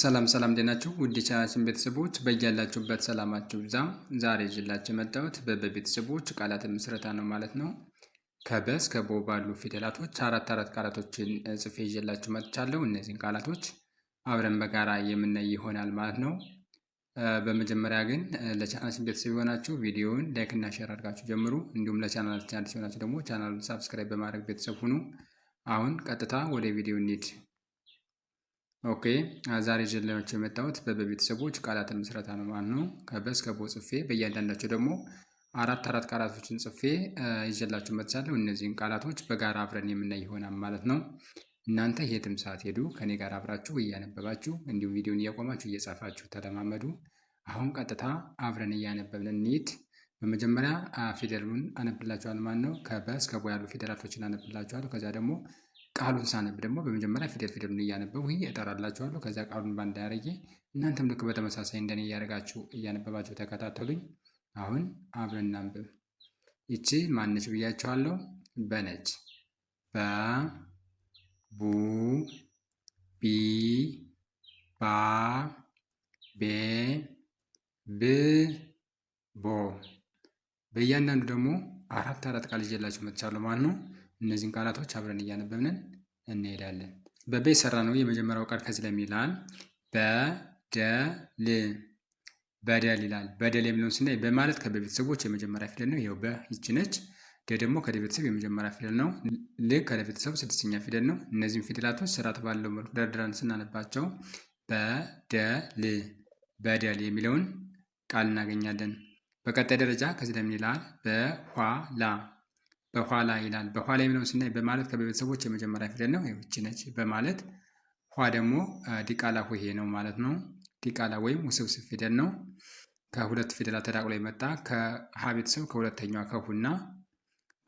ሰላም ሰላም ጤናችሁ ውድ የቻናላችን ቤተሰቦች በያላችሁበት ሰላማችሁ ብዛ። ዛሬ ይዤላችሁ የመጣሁት በበ ቤተሰቦች ቃላትን ምስረታ ነው ማለት ነው። ከበ እስከ ቦ ባሉ ፊደላቶች አራት አራት ቃላቶችን ጽፌ ይዤላችሁ መጥቻለሁ። እነዚህን ቃላቶች አብረን በጋራ የምናይ ይሆናል ማለት ነው። በመጀመሪያ ግን ለቻናላችን ቤተሰብ የሆናችሁ ቪዲዮውን ላይክ እና ሼር አድርጋችሁ ጀምሩ። እንዲሁም ለቻናላችን አዲስ የሆናችሁ ደግሞ ቻናሉን ሳብስክራይብ በማድረግ ቤተሰብ ሁኑ። አሁን ቀጥታ ወደ ቪዲዮ እንሂድ። ኦኬ ዛሬ ይዤላችሁ የመጣሁት በቤተሰቦች ቃላትን ምስረታ ነው ማለት ነው። ከበስ ከቦ ጽፌ በእያንዳንዳቸው ደግሞ አራት አራት ቃላቶችን ጽፌ ይዤላችሁ መጥቻለሁ። እነዚህን ቃላቶች በጋራ አብረን የምናይ ይሆናል ማለት ነው። እናንተ የትም ሳትሄዱ ከኔ ጋር አብራችሁ እያነበባችሁ እንዲሁም ቪዲዮን እያቆማችሁ እየጻፋችሁ ተለማመዱ። አሁን ቀጥታ አብረን እያነበብን እንሂድ። በመጀመሪያ ፊደሉን አነብላችኋል ማለት ነው። ከበስ ከቦ ያሉ ፊደላቶችን አነብላችኋለሁ። ከዚያ ደግሞ ቃሉን ሳነብ ደግሞ በመጀመሪያ ፊደል ፊደሉን ይህ እጠራላችኋለሁ። ከዚያ ቃሉን ባንድ አድርጌ እናንተም ልክ በተመሳሳይ እንደኔ እያደረጋችሁ እያነበባችሁ ተከታተሉኝ። አሁን አብረን እናንብብ። ይቺ ማነች ብያቸዋለሁ። በነች በ ቡ ቢ ባ ቤ ብ ቦ በእያንዳንዱ ደግሞ አራት አራት ቃል ይዤላችሁ መጥቻለሁ ማለት ነው። እነዚህን ቃላቶች አብረን እያነበብንን እንሄዳለን። በበ የሰራ ነው የመጀመሪያው ቃል ከዚህ ለሚላል በደል በደል ይላል። በደል የሚለውን ስናይ በማለት ከበቤተሰቦች የመጀመሪያ ፊደል ነው። ይኸው በ ነች። ደ ደግሞ ከደቤተሰብ የመጀመሪያ ፊደል ነው። ል ከደቤተሰብ ስድስተኛ ፊደል ነው። እነዚህም ፊደላቶች ስርዓት ባለው መልኩ ደርድረን ስናነባቸው በደል በደል የሚለውን ቃል እናገኛለን። በቀጣይ ደረጃ ከዚህ ለሚላል በኋላ በኋላ ይላል። በኋላ የሚለውን ስናይ በማለት ከቤተሰቦች የመጀመሪያ ፊደል ነው። ይህች ነች በማለት ኋ ደግሞ ዲቃላ ሆሄ ነው ማለት ነው። ዲቃላ ወይም ውስብስብ ፊደል ነው። ከሁለት ፊደላት ተዳቅሎ የመጣ ከሀ ቤተሰብ ከሁለተኛ ከሁና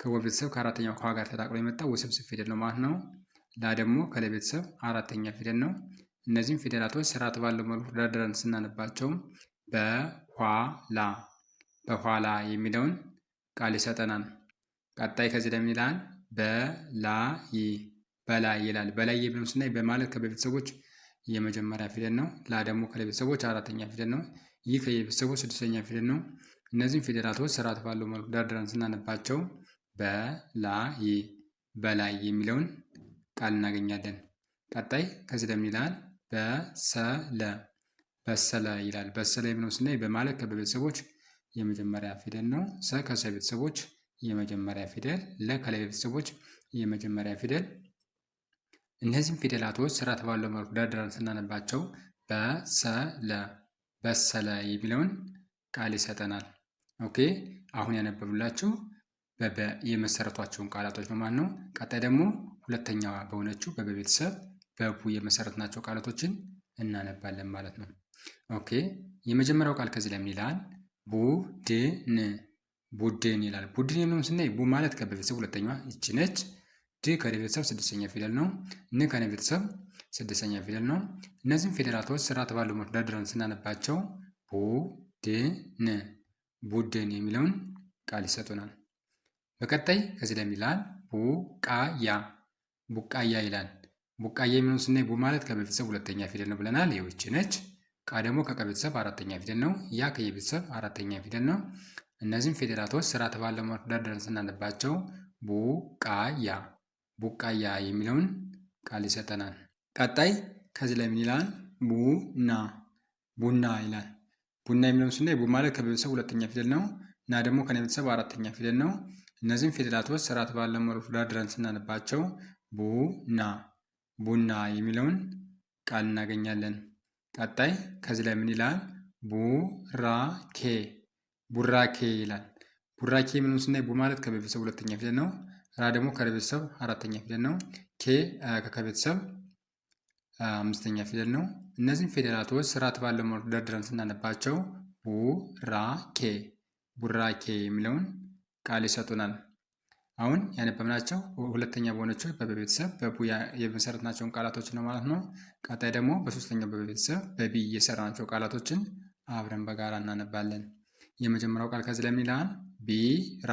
ከወ ቤተሰብ ከአራተኛው ከዋ ጋር ተዳቅሎ የመጣ ውስብስብ ፊደል ነው ማለት ነው። ላ ደግሞ ከለ ቤተሰብ አራተኛ ፊደል ነው። እነዚህም ፊደላቶች ስርዓት ባለው መልኩ ደርድረን ስናነባቸውም በኋላ በኋላ የሚለውን ቃል ይሰጠናል። ቀጣይ ከዚህ ላይ ይላል? በላይ በላይ ይላል። በላይ የሚለውን ስናይ በማለት ከቤተሰቦች የመጀመሪያ ፊደል ነው። ላ ደግሞ ከቤተሰቦች አራተኛ ፊደል ነው። ይህ ከቤተሰቦች ስድስተኛ ፊደል ነው። እነዚህም ፊደላቶች ስርዓት ባለው መልኩ ደርድረን ስናነባቸው በላይ በላይ የሚለውን ቃል እናገኛለን። ቀጣይ ከዚህ ላይ ምን ይላል? በሰለ በሰለ ይላል። በሰለ የሚለውን ስናይ በማለት ከቤተሰቦች የመጀመሪያ ፊደል ነው። ሰ ከሰ ቤተሰቦች የመጀመሪያ ፊደል ለ ከላይ ቤተሰቦች የመጀመሪያ ፊደል። እነዚህም ፊደላቶች ስርዓት ባለው መልኩ ደርድረን ስናነባቸው በሰለ በሰለ የሚለውን ቃል ይሰጠናል። ኦኬ አሁን ያነበብላችሁ በበ የመሰረቷቸውን ቃላቶች በማን ነው። ቀጣይ ደግሞ ሁለተኛዋ በሆነችው በበ ቤተሰብ በቡ የመሰረትናቸው ቃላቶችን እናነባለን ማለት ነው። ኦኬ የመጀመሪያው ቃል ከዚህ ላይ ይላል? ቡድን ቡድን ይላል። ቡድን የሚለውን ስናይ ቡ ማለት ከቤተሰብ ሁለተኛ ይቺ ነች። ድ ቤተሰብ ስድስተኛ ፊደል ነው። ን ቤተሰብ ስድስተኛ ፊደል ነው። እነዚህም ፊደላቶች ስርዓት ባለው መልኩ ደርድረን ስናነባቸው ቡድን ቡድን የሚለውን ቃል ይሰጡናል። በቀጣይ ከዚህ ላይ ይላል ቡቃያ ቡቃያ ይላል። ቡቃያ የሚለውን ስናይ ቡ ማለት ከቤተሰብ ሁለተኛ ፊደል ነው ብለናል። ይህች ነች። ቃ ደግሞ ከቀቤተሰብ አራተኛ ፊደል ነው። ያ ከየቤተሰብ አራተኛ ፊደል ነው። እነዚህም ፊደላቶች ስርዓተ ባለው መደርደር ስናለባቸው ቡቃያ ቡቃያ የሚለውን ቃል ይሰጠናል። ቀጣይ ከዚህ ላይ ምን ይላል? ቡና ቡና ይላል። ቡና የሚለውን ስናይ ቡ ማለት ከቤተሰብ ሁለተኛ ፊደል ነው እና ደግሞ ከኔ ቤተሰብ አራተኛ ፊደል ነው። እነዚህም ፊደላቶች ስርዓት ባለው መልኩ ደርድረን ስናነባቸው ቡና ቡና የሚለውን ቃል እናገኛለን። ቀጣይ ከዚህ ላይ ምን ይላል? ቡራኬ ቡራኬ ይላል። ቡራኬ ምንም ስናይ ቡ ማለት ከቤተሰብ ሁለተኛ ፊደል ነው። ራ ደግሞ ከቤተሰብ አራተኛ ፊደል ነው። ኬ ከቤተሰብ አምስተኛ ፊደል ነው። እነዚህም ፊደላቶች ስርዓት ባለው መልኩ ስናነባቸው ቡራኬ ቡራኬ የሚለውን ቃል ይሰጡናል። አሁን ያነበብናቸው ሁለተኛ በሆነችው በቤተሰብ በቡ የመሰረትናቸውን ቃላቶች ነው ማለት ነው። ቀጣይ ደግሞ በሶስተኛው በቤተሰብ በቢ የሰራናቸው ቃላቶችን አብረን በጋራ እናነባለን። የመጀመሪያው ቃል ከዚህ ለምን ይላል? ቢራ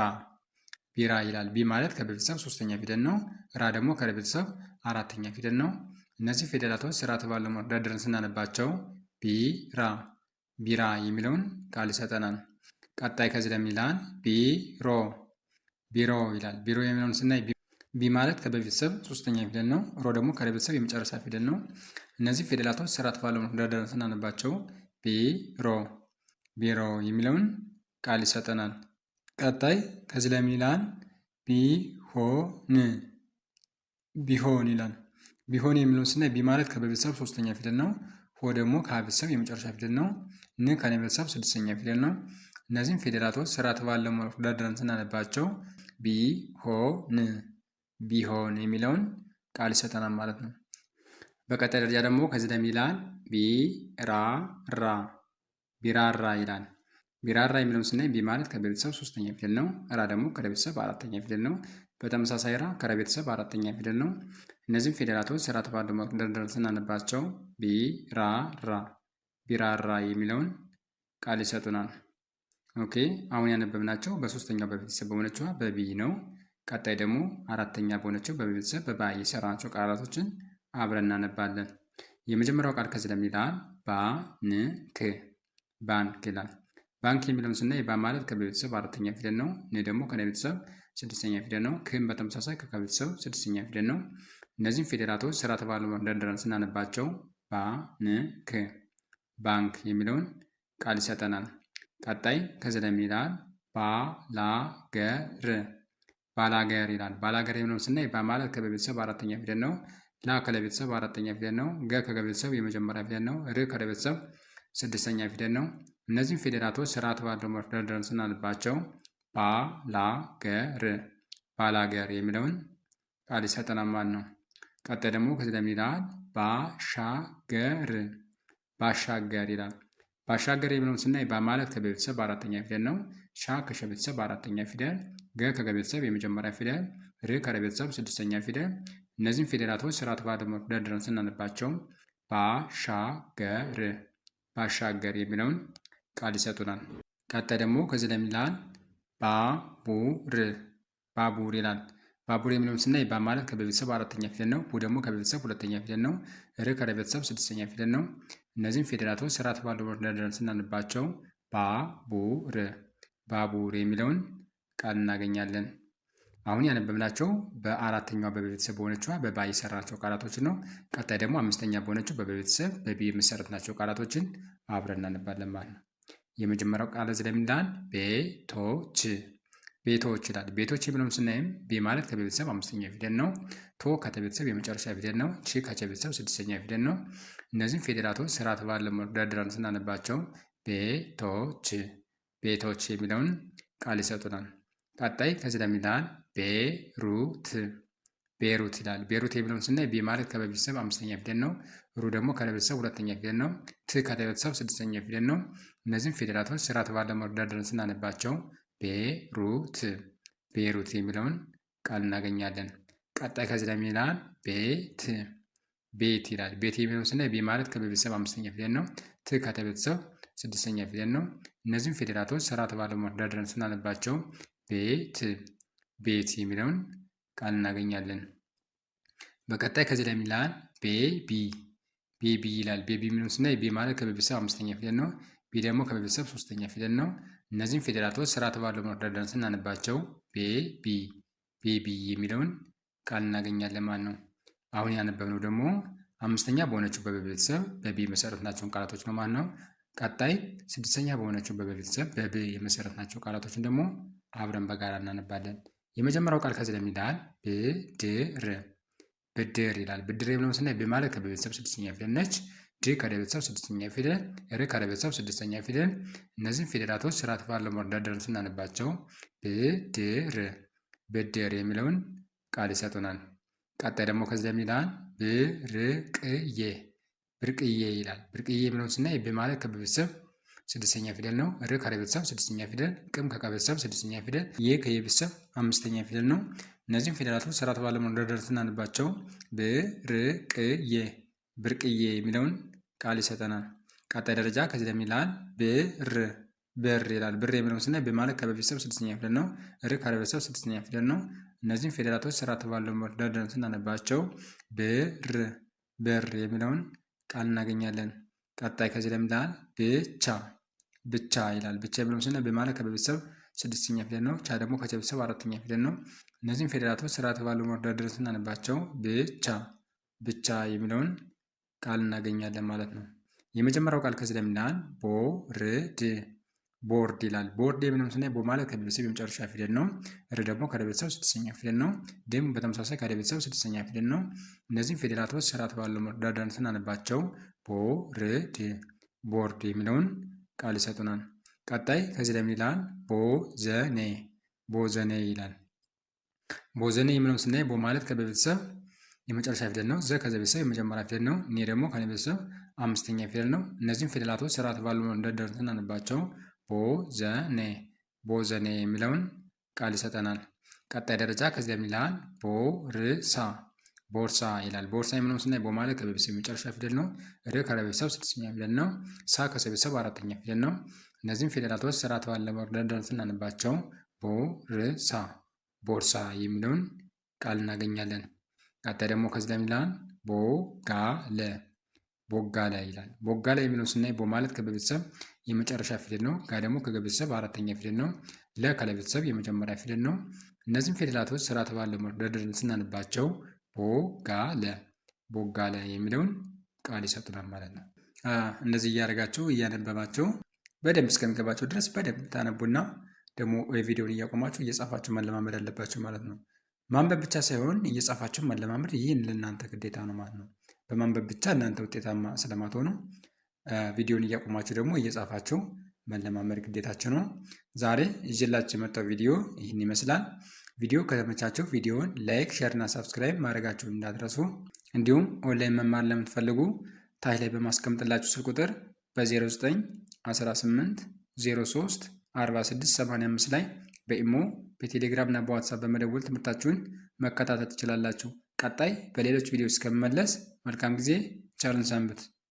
ቢራ ይላል። ቢ ማለት ከቤተሰብ ሶስተኛ ፊደል ነው። ራ ደግሞ ከቤተሰብ አራተኛ ፊደል ነው። እነዚህ ፊደላቶች ስርዓት ባለው መደርደርን ስናነባቸው ቢራ ቢራ የሚለውን ቃል ይሰጠናል። ቀጣይ ከዚህ ለምን ይላል? ቢሮ ቢሮ ይላል። ቢሮ የሚለውን ስናይ ቢ ማለት ከቤተሰብ ሶስተኛ ፊደል ነው። ሮ ደግሞ ከቤተሰብ የመጨረሻ ፊደል ነው። እነዚህ ፊደላቶች ስርዓት ባለው መደርደርን ስናነባቸው ቢሮ ቢሮ የሚለውን ቃል ይሰጠናል። ቀጣይ ከዚህ ለሚላን ቢሆን ቢሆን ይላል። ቢሆን የሚለውን ስናይ ቢ ማለት ከበቤተሰብ ሶስተኛ ፊደል ነው። ሆ ደግሞ ከቤተሰብ የመጨረሻ ፊደል ነው። ን ከነቤተሰብ ስድስተኛ ፊደል ነው። እነዚህም ፊደላቶች ስርዓት ባለው መልኩ ደርድረን ስናነባቸው ቢሆን ቢሆን የሚለውን ቃል ይሰጠናል ማለት ነው። በቀጣይ ደረጃ ደግሞ ከዚህ ለሚላን ቢራራ ቢራራ ይላል። ቢራራ የሚለውን ስናይ ቢ ማለት ከቤተሰብ ሶስተኛ ፊደል ነው። ራ ደግሞ ከደቤተሰብ አራተኛ ፊደል ነው። በተመሳሳይ ራ ከረቤተሰብ አራተኛ ፊደል ነው። እነዚህም ፊደላቶች ስራ ተባዶ መደርደር ስናነባቸው ቢራራ ቢራራ የሚለውን ቃል ይሰጡናል። ኦኬ አሁን ያነበብናቸው በሶስተኛው በቤተሰብ በሆነችዋ በቢ ነው። ቀጣይ ደግሞ አራተኛ በሆነችው በቤተሰብ በባ የሰራናቸው ቃላቶችን አብረን እናነባለን። የመጀመሪያው ቃል ከዚህ ለሚላል ባንክ ባንክ ይላል። ባንክ የሚለውን ስናይ ባ ማለት ከቤተሰብ አራተኛ ፊደል ነው። ን ደግሞ ከነቤተሰብ ስድስተኛ ፊደል ነው። ክም በተመሳሳይ ከቤተሰብ ስድስተኛ ፊደል ነው። እነዚህም ፊደላቶች ስራ ተባሉ መደርደረን ስናነባቸው ባንክ ባንክ የሚለውን ቃል ይሰጠናል። ቀጣይ ከዚህ ላይ ይላል ባላገር ባላገር ይላል። ባላገር የሚለውን ስናይ ባ ማለት ከቤተሰብ አራተኛ ፊደል ነው። ላ ከለቤተሰብ አራተኛ ፊደል ነው። ገ ከገቤተሰብ የመጀመሪያ ፊደል ነው። ር ከለቤተሰብ ስድስተኛ ፊደል ነው። እነዚህም ፊደላቶች ስርዓት ባለው መልኩ ስናልባቸው ባላገር ባላገር የሚለውን ቃል ይሰጠናል ማለት ነው። ቀጣይ ደግሞ ከዚህ ደግሞ ይላል ባሻገር ባሻገር ይላል። ባሻገር የሚለውን ስናይ ባ ማለት ከቤተሰብ አራተኛ ፊደል ነው። ሻ ከሸ ቤተሰብ በአራተኛ ፊደል፣ ገ ከገ ቤተሰብ የመጀመሪያ ፊደል፣ ር ከረ ቤተሰብ ስድስተኛ ፊደል። እነዚህም ፊደላቶች ስርዓት ባለው መልኩ ስናልባቸው ባሻገር ባሻገር የሚለውን ቃል ይሰጡናል። ቀጣይ ደግሞ ከዚህ ለሚላል ባቡር ባቡር ይላል። ባቡር የሚለውን ስናይ ባ ማለት ከቤተሰብ አራተኛ ፊደል ነው። ቡ ደግሞ ከቤተሰብ ሁለተኛ ፊደል ነው። ር ከቤተሰብ ስድስተኛ ፊደል ነው። እነዚህም ፊደላቶች ስርዓት ባለው ደርድረን ስናንባቸው ባቡር ባቡር የሚለውን ቃል እናገኛለን። አሁን ያነበብናቸው በአራተኛዋ በቤተሰብ በሆነችዋ በባ የሰራናቸው ቃላቶችን ነው። ቀጣይ ደግሞ አምስተኛ በሆነችው በቤተሰብ በቢ የመሰረትናቸው ቃላቶችን አብረን እናነባለን ማለት ነው። የመጀመሪያው ቃል ስለሚላል ቤቶች ቤቶች ይላል። ቤቶች የሚለውን ስናይም ቤ ማለት ከቤተሰብ አምስተኛ ፊደል ነው። ቶ ከተቤተሰብ የመጨረሻ ፊደል ነው። ቺ ከቤተሰብ ስድስተኛ ፊደል ነው። እነዚህም ፊደላቶች ስርዓት ባለ ደርድረን ስናነባቸው ቤቶች ቤቶች የሚለውን ቃል ይሰጡናል። ቀጣይ ከዚህ ለሚላል ቤሩት ቤሩት ይላል። ቤሩት የሚለውን ስናይ ቤ ማለት ከበቤተሰብ አምስተኛ ፊደል ነው። ሩ ደግሞ ከለቤተሰብ ሁለተኛ ፊደል ነው። ት ከለቤተሰብ ስድስተኛ ፊደል ነው። እነዚህም ፊደላቶች ስርዓት ባለ መወዳደር ስናነባቸው ቤሩት ቤሩት የሚለውን ቃል እናገኛለን። ቀጣይ ከዚህ ለሚላል ቤት ቤት ይላል። ቤት የሚለውን ስናይ ቤ ማለት ከበቤተሰብ አምስተኛ ፊደል ነው። ት ከተቤተሰብ ስድስተኛ ፊደል ነው። እነዚህም ፊደላቶች ስርዓት ባለ መወዳደር ስናነባቸው ቤት ቤት የሚለውን ቃል እናገኛለን። በቀጣይ ከዚህ ላይ የሚላል ቤቢ ቤቢ ይላል። ቤቢ የሚለውን ስናይ ቤ ማለት ከቤተሰብ አምስተኛ ፊደል ነው። ቤ ደግሞ ከቤተሰብ ሶስተኛ ፊደል ነው። እነዚህም ፊደላቶች ስርዓት ባለው መረዳዳን ስናነባቸው ቤቢ ቤቢ የሚለውን ቃል እናገኛለን ማለት ነው። አሁን ያነበብነው ደግሞ አምስተኛ በሆነችው በቤተሰብ በቤ መሰረት ናቸውን ቃላቶች ነው ማለት ነው። ቀጣይ ስድስተኛ በሆነችው በቤተሰብ በብ የመሰረትናቸው ቃላቶችን ደግሞ አብረን በጋራ እናነባለን። የመጀመሪያው ቃል ከዚህ ለሚልሃል ብድር ብድር ይላል። ብድር የምለውን ስናይ ብ ማለት ከቤተሰብ ስድስተኛ ፊደል ነች። ድ ከደቤተሰብ ስድስተኛ ፊደል፣ ር ከደቤተሰብ ስድስተኛ ፊደል። እነዚህም ፊደላቶች ስርዓት ባለው መወዳደርን ስናነባቸው ብድር ብድር የሚለውን ቃል ይሰጡናል። ቀጣይ ደግሞ ከዚህ ለሚልሃል ብርቅዬ ብርቅዬ ይላል። ብርቅዬ የሚለውን ስናይ ብ ማለት ከበቤተሰብ ስድስተኛ ፊደል ነው። ር ካረ ቤተሰብ ስድስተኛ ፊደል፣ ቅም ከቀ ቤተሰብ ስድስተኛ ፊደል፣ የ ከየ ቤተሰብ አምስተኛ ፊደል ነው። እነዚህም ፊደላቶች ስርዓት ባለመደርደር ስናንባቸው ብርቅዬ ብርቅዬ የሚለውን ቃል ይሰጠናል። ቀጣይ ደረጃ ከዚህ ለሚላል ብር ብር ይላል። ብር የሚለውን ስናይ ብ ማለት ከበ ቤተሰብ ስድስተኛ ፊደል ነው። ር ካረ ቤተሰብ ስድስተኛ ፊደል ነው። እነዚህም ፊደላቶች ስርዓት ባለመደርደር ስናነባቸው ብር ብር የሚለውን ቃል እናገኛለን። ቀጣይ ከዚህ ለምዳል ብቻ ብቻ ይላል። ብቻ የሚለው ስና በማለት ከቤተሰብ ስድስተኛ ፊደል ነው። ቻ ደግሞ ከቤተሰብ አራተኛ ፊደል ነው። እነዚህም ፊደላቶች ስርዓት ባለው መወዳደር ስናነባቸው ብቻ ብቻ የሚለውን ቃል እናገኛለን ማለት ነው። የመጀመሪያው ቃል ከዚህ ለምዳል ቦርድ ቦርድ ይላል። ቦርድ የምንም ስናይ ቦ ማለት ከቤተሰብ የመጨረሻ ፊደል ነው። ር ደግሞ ከደቤተሰብ ስድስተኛ ፊደል ነው። ድም በተመሳሳይ ከደቤተሰብ ስድስተኛ ፊደል ነው። እነዚህም ውስጥ ስርዓት ባለው መርዳዳን ስናነባቸው ቦርድ ቦርድ የሚለውን ቃል ይሰጡናል። ቀጣይ ከዚህ ላይ ይላል ቦዘኔ ቦዘኔ ይላል። ቦዘኔ የሚለውን ስናይ ቦ ማለት ከቤተሰብ የመጨረሻ ፊደል ነው። ዘ ከዘ ቤተሰብ የመጀመሪያ ፊደል ነው። ኔ ደግሞ ከኔ ቤተሰብ አምስተኛ ፊደል ነው። እነዚህም ፊደላቶች ስርዓት ባለው መርዳዳን ስናነባቸው ቦዘኔ ቦዘኔ የሚለውን ቃል ይሰጠናል። ቀጣይ ደረጃ ከዚህ የሚልል ቦርሳ ቦርሳ ይላል። ቦርሳ የሚለውን ስናይ ቦ ማለት ከቤተሰብ የመጨረሻ ፊደል ነው። ር ከቤተሰብ ስድስተኛ ፊደል ነው። ሳ ከቤተሰብ አራተኛ ፊደል ነው። እነዚህም ፊደላቶች ስርዓት ባለ መደርደር ስናነባቸው ቦርሳ ቦርሳ የሚለውን ቃል እናገኛለን። ቀጣይ ደግሞ ከዚህ ላይ ቦጋለ ቦጋለ ይላል። ቦጋለ የሚለውን ስናይ ቦ ማለት ከቤተሰብ የመጨረሻ ፊደል ነው። ጋ ደግሞ ከገ ቤተሰብ አራተኛ ፊደል ነው። ለ ከለ ቤተሰብ የመጀመሪያ ፊደል ነው። እነዚህም ፊደላቶች ስራ ተባለ መደርደር ስናንባቸው ቦጋለ ቦጋለ የሚለውን ቃል ይሰጡናል ማለት ነው። እነዚህ እያደረጋቸው እያነበባቸው በደንብ እስከሚገባቸው ድረስ በደንብ ታነቡና ደግሞ ቪዲዮን እያቆማችሁ እየጻፋችሁ መለማመድ አለባቸው ማለት ነው። ማንበብ ብቻ ሳይሆን እየጻፋችሁ መለማመድ ይህን ለእናንተ ግዴታ ነው ማለት ነው። በማንበብ ብቻ እናንተ ውጤታማ ስለማትሆኑ ቪዲዮን እያቆማችሁ ደግሞ እየጻፋችሁ መለማመድ ግዴታችሁ ነው። ዛሬ ይዤላችሁ የመጣው ቪዲዮ ይህን ይመስላል። ቪዲዮ ከተመቻቸው ቪዲዮውን ላይክ፣ ሼር እና ሰብስክራይብ ማድረጋችሁን እንዳትረሱ። እንዲሁም ኦንላይን መማር ለምትፈልጉ ታች ላይ በማስቀምጥላችሁ ስልክ ቁጥር በ 0918 03 4685 ላይ በኢሞ በቴሌግራም እና በዋትሳፕ በመደወል ትምህርታችሁን መከታተል ትችላላችሁ። ቀጣይ በሌሎች ቪዲዮ እስከምመለስ መልካም ጊዜ፣ ቸርን ሰንብት።